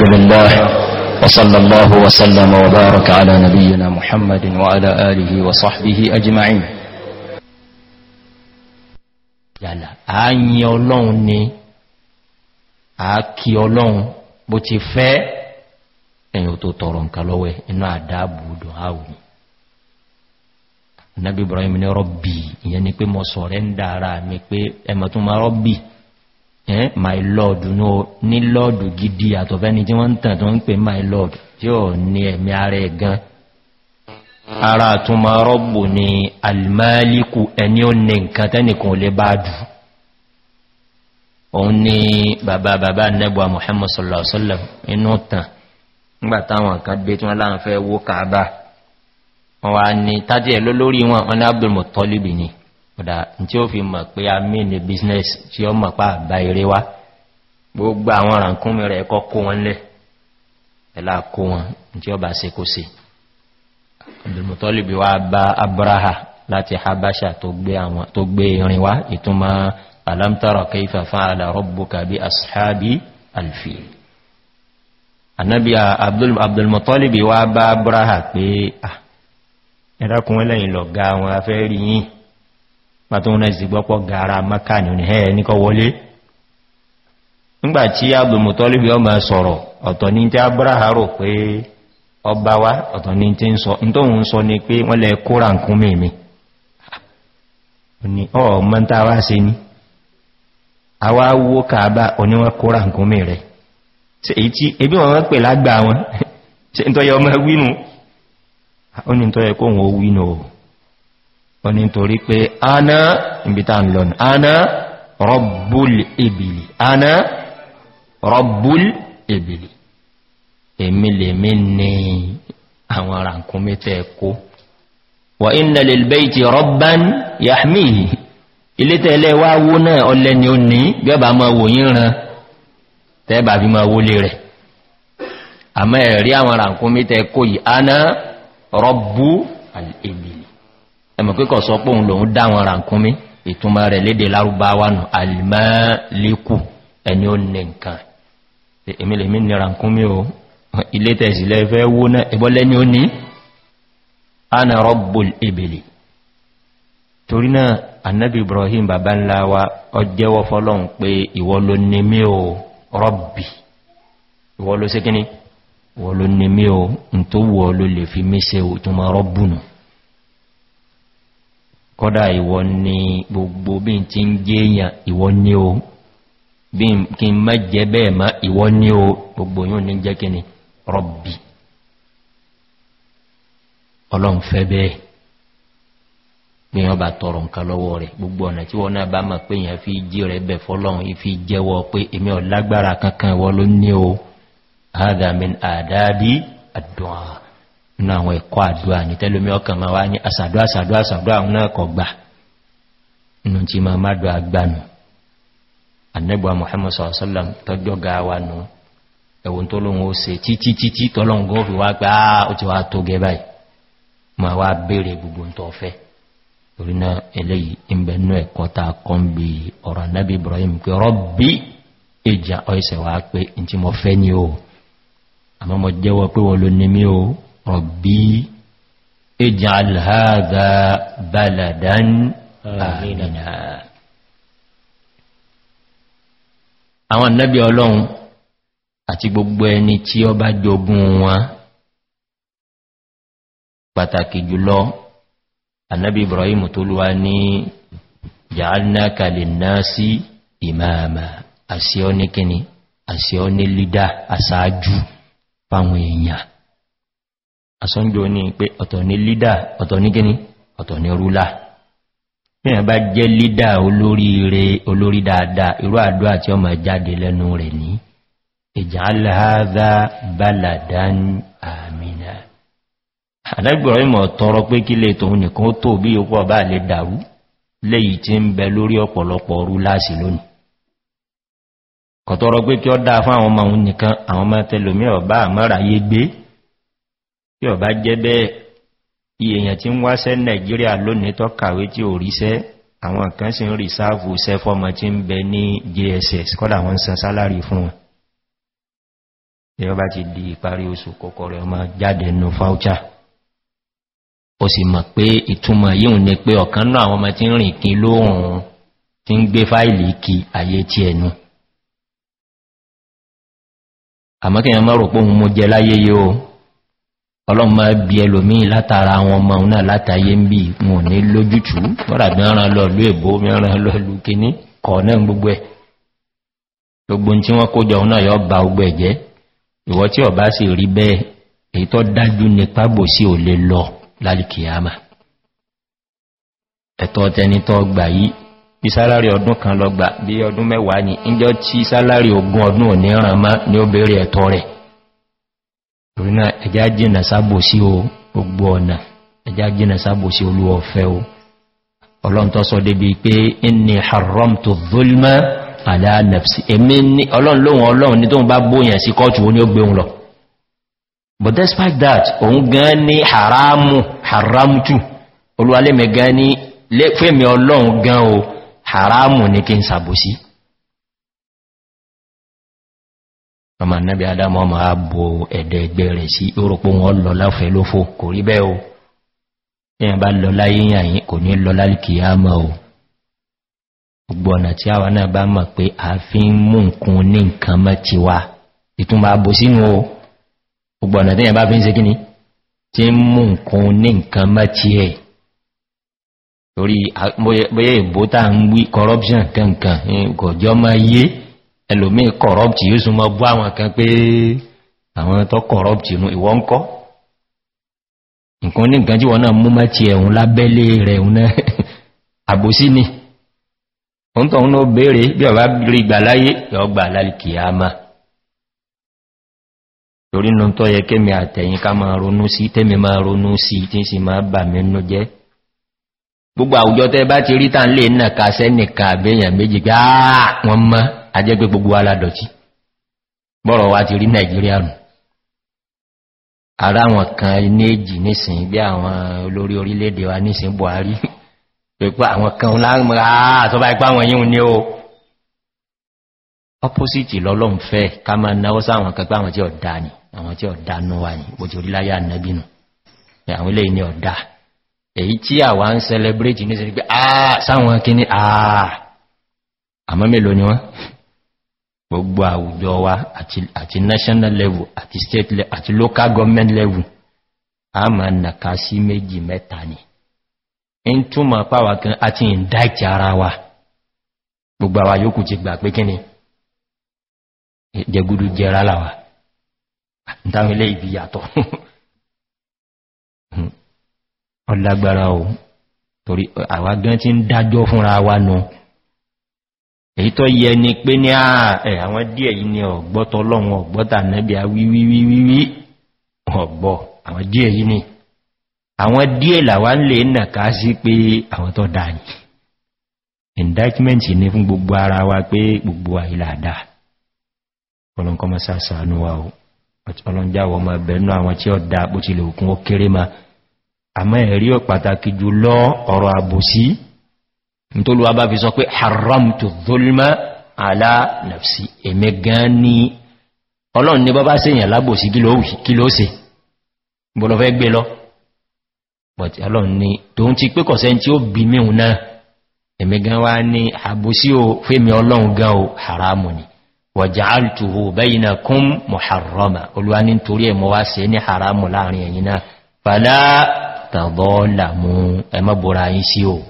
الحمد لله وصلى الله وسلم وبارك على نبينا محمد وعلى آله وصحبه أجمعين yàlá ààyìn ọlọ́run ni àákí ọlọ́run bó ti fẹ́ ẹ̀yìn tó tọrọ nǹkan lọ́wẹ́ inú àdáàbù dùn áwùn nabi ibrahim ni rọ́bì ìyẹn ni pé mọ́ sọ̀rẹ́ ń dára mi pé ẹmọ̀ tún ma rọ́bì eh my lord no ni lord gidi àtọ̀fẹ́ni tí wọ́n ń tàn tó ń pè my lord tí ó ní ẹ̀mí ara ẹ̀ gan ara àtúnmọ̀ rọ́bù ni almaliku ẹni ó ní nǹkan tẹ́nìkan bá dù òun ni bàbá bàbá nẹ́bùwa mohamed sallallahu ọ̀dá tí ó fi mọ̀ pé a mí ní business tí ó mọ̀ pa àbá eré wá gbogbo àwọn rànkúnmi rẹ̀ ẹ̀kọ́ kó wọn lẹ̀ ẹ̀lá kó wọn tí ó bá se kó se ọdúnmọ̀tọ́lìbí wá bá abraha láti habasha tó gbé irin wá ìtumọ̀ alamtara kaifa fa'ala rabbuka bi ashabi alfi annabi abdulmọ̀tọ́lìbí wá bá abraha pé ah, ẹ̀rákùnrin lẹ́yìn lọ̀gá wọn afẹ́ rí yìí pàtàkì wọn sì gbọ́pọ̀ gara maka ni ẹ̀ ní kọ wọlé nígbàtí abdulmutolibi ọmọ sọ̀rọ̀ ọ̀tọ̀ ní tí abraha rò pé ọba wá ọ̀tọ̀ ní tí ń sọ tó ń sọ ni pé wọ́n lẹ kóra nkún mẹ́mí ni ọ̀ mọ́ntá wá sí ana ìbìta ń lọ́nà ana rọ́bùl ìbìlì ana rọ́bùl ìbìlì èmi lè mí ní àwọn àràǹkún mẹ́tẹ́ ẹ̀kó wà iná lè bẹ́ ìtì rọ́bán yàmí ilé tẹ́lẹ̀ wá wó náà ọlẹ́ ni ó ní gẹ́bà máa wò yí ran tẹ́bà fi máa wólé rẹ̀ àmẹ́ ẹ̀rí àwọn àràǹkún mẹ́tẹ́ ẹ̀kó yìí ana rọ́bù al-ibil ẹmọ̀ kíkọ̀ sọ pé òun lòun dáwọn ràkúnmí ìtumọ̀ rẹ̀ lédè lárúbáwá nù alìmọ́lékù ẹni ó nẹ nǹkan èmìlèmí ni ràkúnmí o ilé tẹ̀sílẹ̀ fẹ́ wó náà ìbọ́lẹ́ ni ó ní ana rọ́bùl ìbèlè torí náà annabi ibrahim bàbá ńlá wa ọjẹ́wọ́ fọ́lọ́n pé ìwọ ló ní mí o rọ́bì ìwọ ló sí kíní ìwọ ló ní mí o n tó wọ́ ló lè fi mí se òtún rọ́bùnù kọ́dá ìwọ ni gbogbo bí n ti ń jẹ́yàn ìwọ ní o bí kí n má jẹ bẹ́ẹ̀ má ìwọ ní o gbogbo yóò ní jẹ́ kíni rọ̀bì ọlọ́nfẹ́ bẹ́ẹ̀ bí wọ́n bá tọrọ nǹkan lọ́wọ́ rẹ̀ gbogbo ọ̀nà tí wọ́n náà bá mọ̀ ní àwọn ẹ̀kọ́ àdúwà ní tẹ́lómí ọkàn ma wá ní àsàdúwà àsàdúwà àsàdúwà àwọn náà kọ̀ gbà inú tí ma má dùn agbánu anẹ́gbà mohamed sọ̀rọ̀sọ́lá tọ́jọ́ ga wa nù ẹ̀wọ̀n tó lóhun ó se títí títí tọ́lọ́hun gan fi wá gbá ó ibrahim pé rọ́bí ìjà ọ̀ẹ́sẹ̀ wá pé ní tí mo fẹ́ jẹ́wọ́ pé wọ́n ló ní mí o ربي اجعل هذا بلدا آمنا àwọn annabi ọlọ́run àti gbogbo ẹni tí ọ bá jogun wọn pàtàkì jùlọ annabi ibrahim tó lúwa ní jàánà kàlìná sí ìmáàmà àṣíọ́ ní kíni àṣíọ́ ní lídá àṣáájú fáwọn èèyàn asọ́njọ́ ní pé ọ̀tọ̀ ní lídà ọ̀tọ̀ ní gíní ọ̀tọ̀ ní rúlà mẹ́rin bá jẹ́ lídà olórí dáadáa irú àdúrà tí ó ma jáde lẹ́nu rẹ̀ ní ìjà baladan àmìnà àdágbọ̀rọ̀ ìmọ̀ tọrọ pé kí lè tóun nìkan ó tó bí òkú ọba lè dàrú léyìí tí ń bẹ lórí ọ̀pọ̀lọpọ̀ rúláàsì lónìí kọ̀tọ̀rọ̀ pé kí ọ dáa fún àwọn ọmọ òun nìkan àwọn ọmọ tẹlòmí àmọ́ra yé gbé tí ọba jẹ́ bẹ́ẹ̀ iye èèyàn tí ń wáṣẹ́ nàìjíríà lónìí tó kàwé tí ò ríṣẹ́ àwọn kan sì ń rí sáàfù iṣẹ́ fọ́mọ tí ń bẹ ní jss kọ́dà wọ́n san sálárì fún wọn tí ọba ti di ìparí oṣù kọ́kọ́ ọmọ jáde nù fáúchà ó sì mọ̀ pé ìtumọ̀ yíò ní pé ọ̀kan náà àwọn ọmọ tí ń rìn kí lóhùn tí ń gbé fáìlì kí ayé tí ẹnu àmọ́kẹ́yàn mọ́rò pé òun mú jẹ láyé yìí ọlọ́mọ bí ẹlòmí látara àwọn ọmọ òun náà látàyé ń bí wọn ní lójútù wọ́n àbí ọ̀ràn lọ́lú èbó mìíràn lọ́lú kìíní kọ̀ náà gbogbo ẹ̀ gbogbo tí wọ́n kójọ òun náà yọ bá ogbẹ̀ jẹ́ ìwọ́ tí ọ̀bá sì rí bẹ́ẹ̀ èyí tó dájú ní pábò sí ò lọ lálìkìyàmà ẹ̀tọ́ tẹni tó ni ìjọ tí sálárì torí náà ẹjá jìnà sábò sí o gbogbo ọ̀nà ẹjá jìnà sábò sí olúwọ̀ fẹ́ o ọlọ́ntọ́ sọ débi pé inni haram to zulma aláàlẹ́fsì èmi ní ọlọ́run lóhun ọlọ́run ní tóhun bá bóyàn sí kọ́ọ̀tù ó ní ó gbé òun lọ but despite that òun gan ní haramu haramtu olúwalẹ́mẹ̀ gan ní fẹ́mi ọlọ́run gan o haramu ní kí n sàbòsí ọmọ annabi adam ọmọ abo ẹ̀dẹ̀ ẹgbẹ́ rẹ̀ sí orúkú wọn lọ láfẹ́ ló fò kò rí bẹ́ o ẹ̀yìn bá lọ láyé yàyìn kò ní lọ lálìkì àmà o gbogbo ọ̀nà tí àwọn náà bá mọ̀ pé a fi ń mú nǹkan ní nǹkan mọ́ ti wá ìtún bá bò sínú o gbogbo ọ̀nà tí bá fi ń se kíní tí ń mú nǹkan ní nǹkan mọ́ ti ẹ̀ torí bóyá ìbótà ń wí corruption kankan kọjọ́ mọ́ yé ẹlòmí kọ̀rọ̀pì yóò súnmọ́ bú àwọn kan pé àwọn tó kọ̀rọ̀pì nù ìwọ́n ń kọ́ nǹkan ní nǹkan tí wọ́n náà mú má ti ẹ̀hùn lábẹ́lé rẹ̀ ẹ̀hùn náà ni ó ń bèèrè bí ọ̀bá rí gbà láyé lálìkì gbogbo àwùjọ tẹ́ bá ti rí tàn lè nà àbẹ́yàn méjì ajẹ́gbé gbogbo aládọ̀tí bọ́rọ̀ wá ti rí nàìjíríà nù ara àwọn kan inéjì nísìn bí àwọn olórí orílẹ̀-èdè wa nísìn buhari pẹ̀pẹ́ àwọn kan láàmùra àtọ́bá ipá wọn yíò ní o opposite lọ́lọ́m fẹ́ ká máa náwó sáwọn kan pé àwọn tí ọ̀dá ni àwọn tí ọ̀dá nú wa ni bó ti oríláyà nẹ́bìnù àwọn ilé ní ọ̀dá èyí tí àwa ń celebrate ní sí pé àà sáwọn kíní àà àmọ́ mélòó ni wọ́n gbogbo àwùjọ wa àti national level àti state level àti local government level a ma nàka sí méjì mẹ́ta ni in túnmọ̀ pàwà kan àti ara wa gbogbo àwà yóò ti gbà pé kíni jẹra láwà ilé torí àwà èyí tó yẹ ni pé ní ààrẹ àwọn díẹ̀ yìí ni ọ̀gbọ́tọ̀ ọlọ́run ọ̀gbọ́ta nẹ́bí awíwíwíwí ọ̀gbọ́ àwọn díẹ̀ yìí ni àwọn díẹ̀ làwá ń lè nàká sí pé àwọn tó dáa ní indictment ní fún gbogbo ara wa pé gbogbo àìlàdà ọlọ́nkọmọsáàsánú wa o ọlọ́njáwọ ọmọ ẹbẹ̀nú àwọn tí ó dáa bó tilẹ̀ òkun ó kéré ma àmọ́ ẹ̀rí nítolúwa bá fi sọ pé haram tó zulma ala nafsi èmẹ gan ní ọlọ́run ní bọ́bá sèyàn lábòsí kí ló ṣe bọ́lọ̀ fẹ́ gbé lọ but ọlọ́run ní tóun ti pé kọ̀sẹ́ tí ó bí mẹ́un náà èmẹ gan wá ní àbòsí o fẹ́mi ọlọ́run gan o haramu ni wọ̀já altuhu